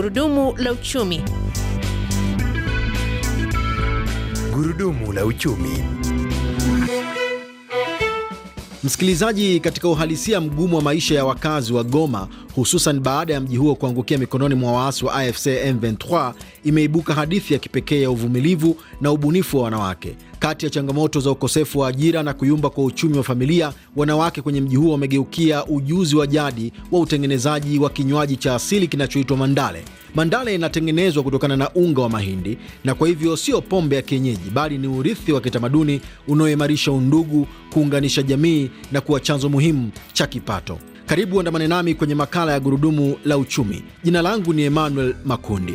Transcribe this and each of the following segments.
Gurudumu la uchumi. Gurudumu la uchumi. Msikilizaji, katika uhalisia mgumu wa maisha ya wakazi wa Goma, hususan baada ya mji huo kuangukia mikononi mwa waasi wa AFC M23, imeibuka hadithi ya kipekee ya uvumilivu na ubunifu wa wanawake kati ya changamoto za ukosefu wa ajira na kuyumba kwa uchumi wa familia, wanawake kwenye mji huo wamegeukia ujuzi wa jadi wa utengenezaji wa kinywaji cha asili kinachoitwa mandale. Mandale inatengenezwa kutokana na unga wa mahindi na kwa hivyo sio pombe ya kienyeji, bali ni urithi wa kitamaduni unaoimarisha undugu, kuunganisha jamii na kuwa chanzo muhimu cha kipato. Karibu andamane nami kwenye makala ya Gurudumu la Uchumi. Jina langu ni Emmanuel Makundi.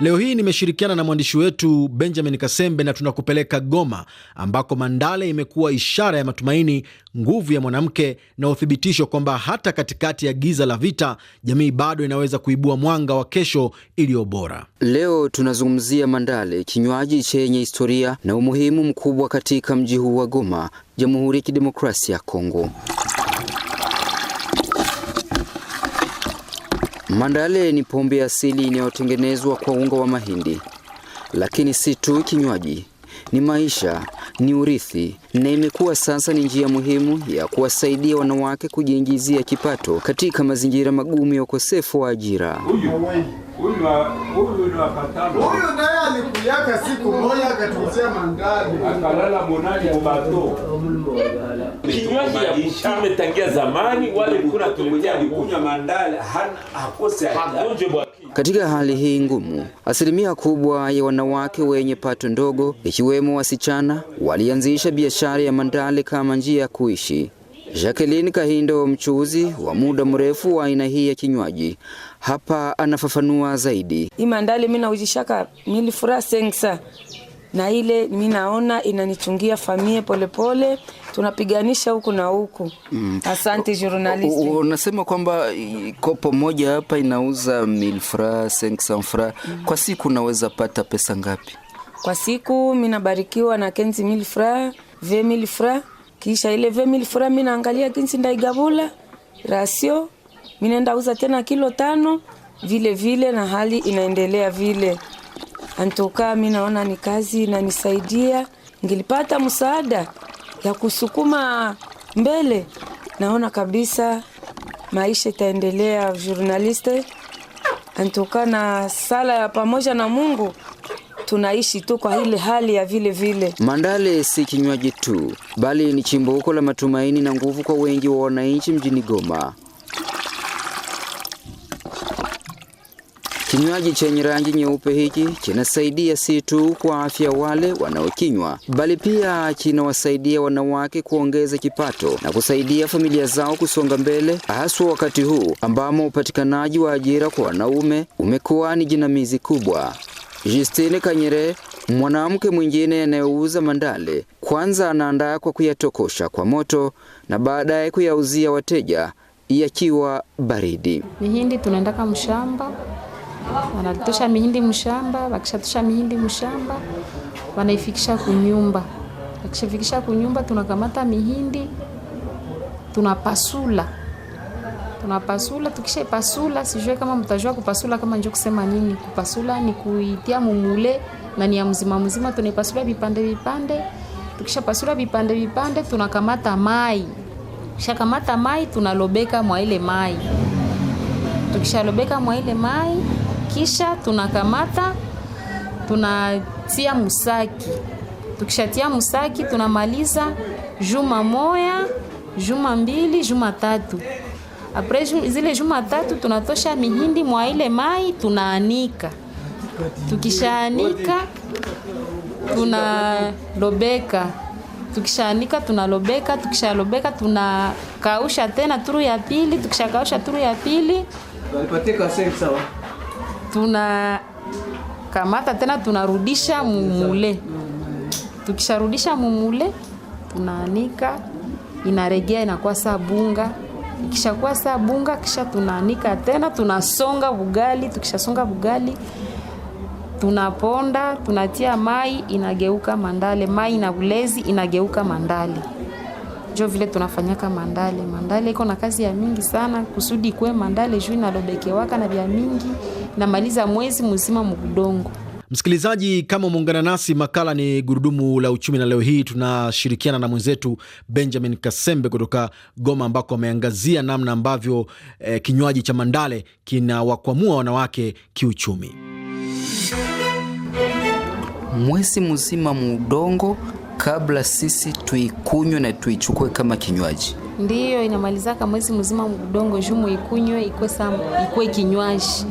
Leo hii nimeshirikiana na mwandishi wetu Benjamin Kasembe na tunakupeleka Goma ambako Mandale imekuwa ishara ya matumaini, nguvu ya mwanamke na uthibitisho kwamba hata katikati ya giza la vita, jamii bado inaweza kuibua mwanga wa kesho iliyo bora. Leo tunazungumzia Mandale, kinywaji chenye historia na umuhimu mkubwa katika mji huu wa Goma, Jamhuri ya Kidemokrasia ya Kongo. Mandale ni pombe asili inayotengenezwa kwa unga wa mahindi, lakini si tu kinywaji, ni maisha, ni urithi, na imekuwa sasa ni njia muhimu ya kuwasaidia wanawake kujiingizia kipato katika mazingira magumu ya ukosefu wa ajira. Huyu naye alikuyaka siku moja akatuzia Akalala Kinywaji ya tangia zamani wale kuna alikunywa hakose Katika hali hii ngumu, asilimia kubwa ya wanawake wenye pato ndogo ikiwemo wasichana walianzisha biashara ya mandale kama njia ya kuishi. Jacqueline Kahindo, mchuuzi wa muda mrefu wa aina hii ya kinywaji, hapa anafafanua zaidi. Hii mandali mimi naujishaka mili furaha sengsa na ile mi naona inanichungia famie polepole pole, tunapiganisha huku na huku mm. Asante journalist, unasema kwamba kopo moja hapa inauza mille francs 500 francs mm. Kwa siku naweza pata pesa ngapi kwa siku? Mi nabarikiwa na kenzi mille francs 20 mille francs, kisha ile 20 mille francs mi naangalia kinsi ndaigabula rasio mimi uza tena kilo tano vile vile, na hali inaendelea vile. Antoka mimi naona ni kazi inanisaidia, ngilipata msaada ya kusukuma mbele, naona kabisa maisha itaendelea. Journaliste antoka na sala ya pamoja na Mungu tunaishi tu kwa ile hali ya vile vile. Mandale si kinywaji tu, bali ni chimbuko la matumaini na nguvu kwa wengi wa wananchi mjini Goma. Kinywaji chenye rangi nyeupe hiki kinasaidia si tu kwa afya wale wanaokinywa, bali pia kinawasaidia wanawake kuongeza kipato na kusaidia familia zao kusonga mbele, haswa wakati huu ambamo upatikanaji wa ajira kwa wanaume umekuwa ni jinamizi kubwa. Justine Kanyere, mwanamke mwingine anayeuza mandale, kwanza anaandaa kwa kuyatokosha kwa moto na baadaye kuyauzia wateja yakiwa baridi. Mihindi tunaendaka mshamba wanatosha mihindi mshamba. Wakishatosha mihindi mshamba, wanaifikisha kunyumba. Wakishafikisha kunyumba, tunakamata mihindi tunapasula tunapasula. Tukishapasula, sijue kama mtajua kupasula, kama njo kusema nini. Kupasula ni kuitia mumule na ni ya mzima mzima, tunaipasula vipande vipande. Tukishapasula vipande vipande, tunakamata mai. Tukishakamata mai, tunalobeka mwa ile mai. Tukishalobeka mwa ile mai kisha tunakamata tunatia musaki. Tukishatia musaki tunamaliza juma moya, juma mbili, juma tatu. Apres zile juma tatu tunatosha mihindi mwa ile mai tunaanika. Tukishaanika tunalobeka. Tukishaanika tunalobeka, tukishalobeka tunakausha tena turu ya pili, tukishakausha turu ya pili. sawa tuna kamata tena tunarudisha mumule. Tukisharudisha mumule, tunaanika, inaregea inakuwa saa bunga. Ikishakuwa saa bunga, kisha tunaanika tena, tunasonga bugali. Tukishasonga bugali tunaponda, tunatia mai, inageuka mandale. Mai na ulezi inageuka mandale jo vile tunafanyaka mandale. Mandale iko na kazi ya mingi sana, kusudi ikuwe mandale juu inalobekewaka na vya mingi, namaliza mwezi mzima mudongo. Msikilizaji, kama umeungana nasi, makala ni gurudumu la uchumi, na leo hii tunashirikiana na mwenzetu Benjamin Kasembe kutoka Goma, ambako ameangazia namna ambavyo eh, kinywaji cha mandale kinawakwamua wanawake kiuchumi. Mwezi mzima muudongo kabla sisi tuikunywe na tuichukue kama kinywaji. Ndiyo inamalizaka mwezi mzima mdongo jumu ikunywe ikwe sama ikwe kinywaji,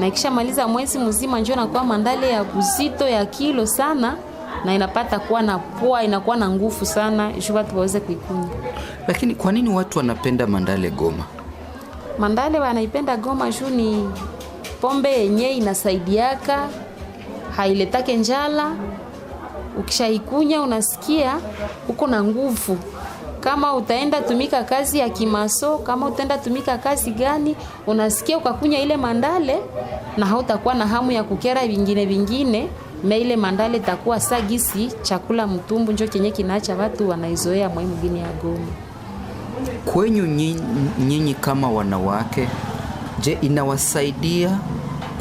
na ikishamaliza mwezi mzima njoo nakuwa mandale ya kuzito ya kilo sana, na inapata kuwa na poa, inakuwa na nguvu sana juu watu waweze kuikunywa. Lakini kwa nini watu wanapenda mandale Goma? Mandale wanaipenda Goma juu ni pombe yenye inasaidiaka, hailetake njala Ukishaikunya unasikia uko na nguvu. Kama utaenda tumika kazi ya kimaso, kama utaenda tumika kazi gani, unasikia ukakunya ile mandale na hautakuwa na hamu ya kukera vingine vingine. Me ile mandale takuwa sagisi chakula mtumbu, njo kenye kinaacha watu wanaizoea mwaimu gini ya Goma. Kwenyu nyinyi kama wanawake, je, inawasaidia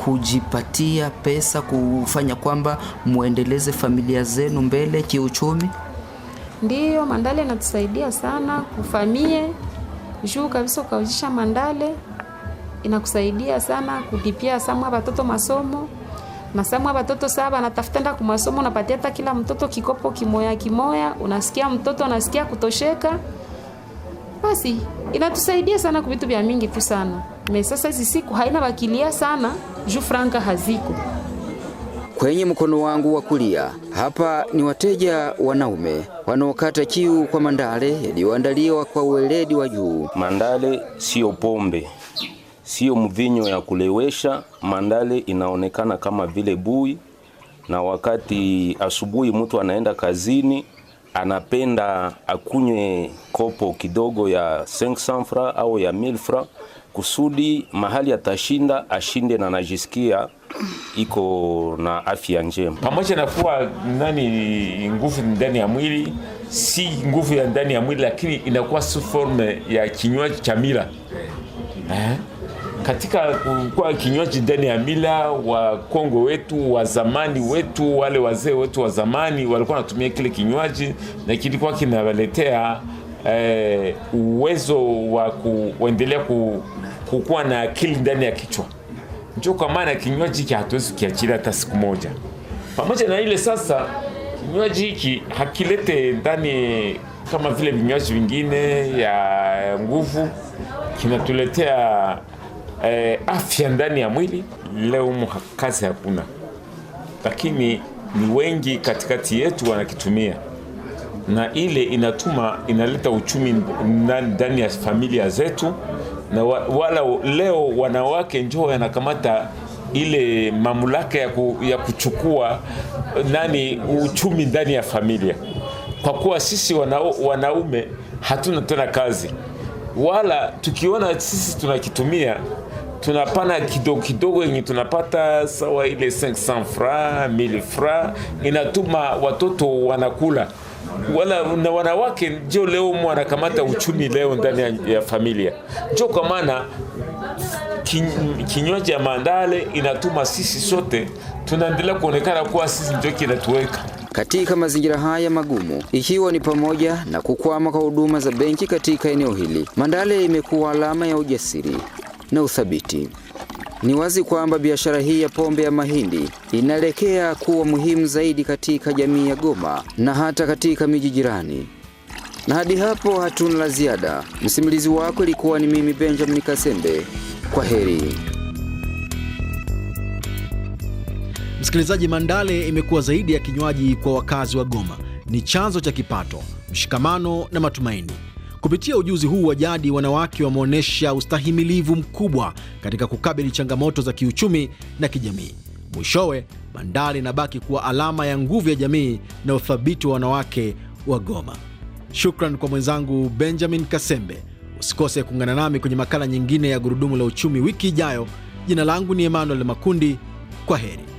kujipatia pesa kufanya kwamba muendeleze familia zenu mbele kiuchumi? Ndiyo, mandale inatusaidia sana kufamie juu kabisa, ukauzisha mandale inakusaidia sana kulipia samwa watoto masomo na samwa watoto saba natafuta nda masomo, napatia hata kila mtoto kikopo kimoya kimoya, unasikia mtoto unasikia kutosheka. Basi inatusaidia sana kuvitu vya mingi tu sana me sasa hizi haina wakilia sana juu franka haziko kwenye mkono wangu wa kulia hapa ni wateja wanaume wanaokata kiu kwa mandale yaliyoandaliwa kwa uweledi wa juu. Mandale siyo pombe, siyo mvinyo ya kulewesha. Mandale inaonekana kama vile bui, na wakati asubuhi mtu anaenda kazini anapenda akunywe kopo kidogo ya 500 francs au ya 1000 francs kusudi mahali atashinda ashinde na najisikia iko na afya njema, pamoja na kuwa nani nguvu ndani ya mwili, si nguvu ya ndani ya mwili, lakini inakuwa su forme ya kinywaji cha mila eh? Katika kuwa kinywaji ndani ya mila, wa Kongo wetu wa zamani wetu, wale wazee wetu wa zamani walikuwa wanatumia kile kinywaji na kilikuwa kinawaletea eh, uwezo wa kuendelea ku, kukuwa na akili ndani ya kichwa. njo kwa maana kinywaji hiki hatuwezi kiachilia hata siku moja. Pamoja na ile sasa, kinywaji hiki hakilete ndani kama vile vinywaji vingine ya nguvu, kinatuletea eh, afya ndani ya mwili. Leo mu kazi hakuna, lakini ni wengi katikati yetu wanakitumia na ile inatuma inaleta uchumi ndani ya familia zetu, na wala leo wanawake njoo yanakamata ile mamlaka ya, ku, ya kuchukua nani uchumi ndani ya familia, kwa kuwa sisi wana, wanaume hatuna tena kazi, wala tukiona sisi tunakitumia tunapana kidogo kidogo yenye tunapata sawa ile 500 fra 1000 fra inatuma watoto wanakula wala na wanawake ndio leo mwanakamata uchumi leo ndani ya familia, ndio kwa maana kinywaji ya mandale inatuma sisi sote tunaendelea kuonekana kuwa sisi ndio kinatuweka katika mazingira haya magumu, ikiwa ni pamoja na kukwama kwa huduma za benki katika eneo hili. Mandale imekuwa alama ya ujasiri na uthabiti. Ni wazi kwamba biashara hii ya pombe ya mahindi inaelekea kuwa muhimu zaidi katika jamii ya Goma na hata katika miji jirani. Na hadi hapo hatuna la ziada. Msimulizi wako ilikuwa ni mimi Benjamin Kasembe. Kwa heri. Msikilizaji, Mandale imekuwa zaidi ya kinywaji kwa wakazi wa Goma. Ni chanzo cha kipato, mshikamano na matumaini. Kupitia ujuzi huu wa jadi, wanawake wameonyesha ustahimilivu mkubwa katika kukabili changamoto za kiuchumi na kijamii. Mwishowe, bandari inabaki kuwa alama ya nguvu ya jamii na uthabiti wa wanawake wa Goma. Shukran kwa mwenzangu Benjamin Kasembe. Usikose kuungana nami kwenye makala nyingine ya Gurudumu la Uchumi wiki ijayo. Jina langu ni Emmanuel Makundi. Kwa heri.